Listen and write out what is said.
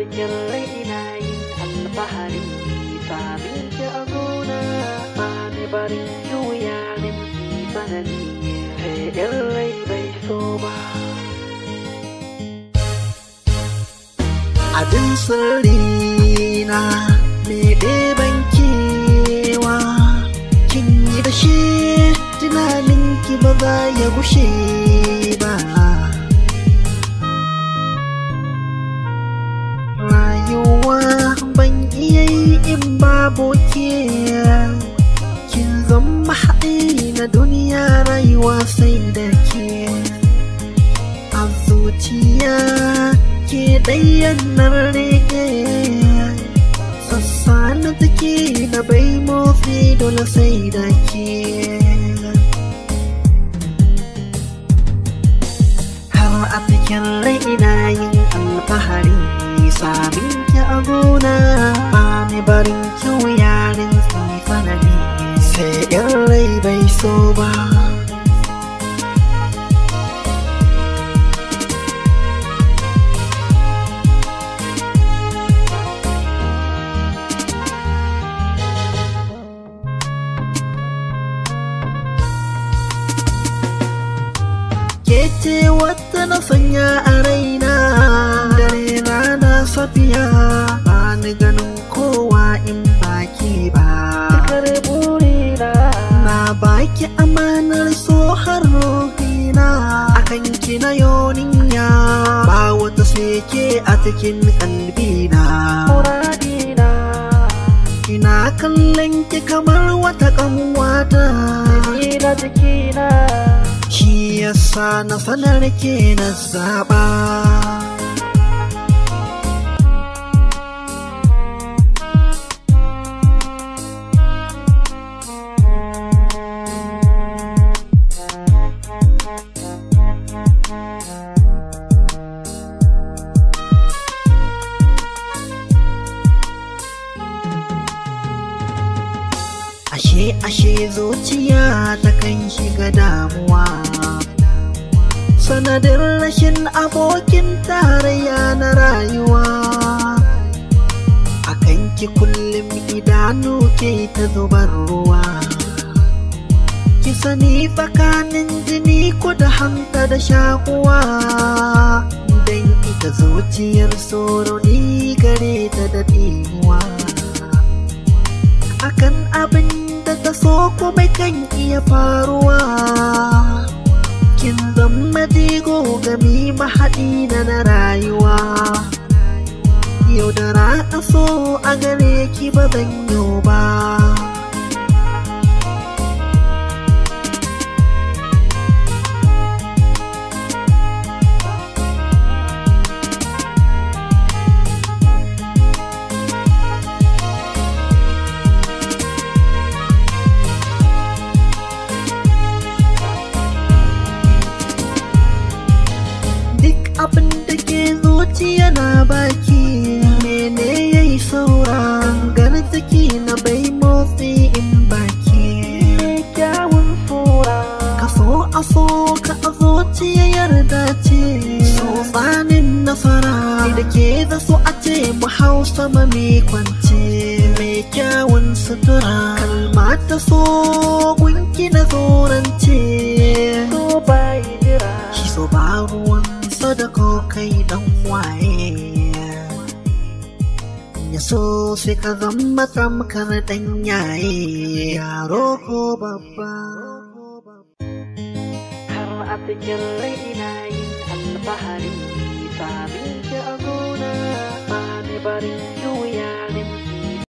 cikin raina yin alfahari sami ki bari gona sami barin yarin ki sanani haɗin rai bai so ba abin sirri na me ban kewa kin yi da shi tunanin ki ya gushe in babu ke kin zama haɗi na duniya rayuwa sai da ke a zuciya ke ɗayyanar rege sassa na take na bai motsi dole sai da ke har a cikin raina yin alfahari samin ki a gona barin kyau yarin sai sanadi sai yan rai bai so ba Ke ce wata na sanya a rai baki amanar so har rohina akan na yoninya ba wata sai ke a cikin kalbina muradina kina kallon ki kamar wata kanwata na jikina shi yasa na sanar ke na zaba ashe ashe zuciya takan shiga damuwa sanadin rashin abokin tarayya na rayuwa a ki kullum idanu ke ta zubar ruwa ki sani tsakanin jini ko da hanta da shakuwa don ita zuciyar tsoro gare ta da ɗimuwa akan abin da ta so bai kan iya faruwa kin zama digo gami mahaɗi na na rayuwa yau da ra'a so a gare ki ba zan yau ba baki mene yayi saura gartaki na bai motsi in baki kyawun fura ka so a so ka a ya yarda ce so nasara na fara da ke za so a ce mu hau sama mai kwance mai kyawun sutura kalma ta so gunki na zorance so ba da ko dan waye ya so sai tamkar dan yaye yaro ko babba a cikin raina yin alfahari samin ki bari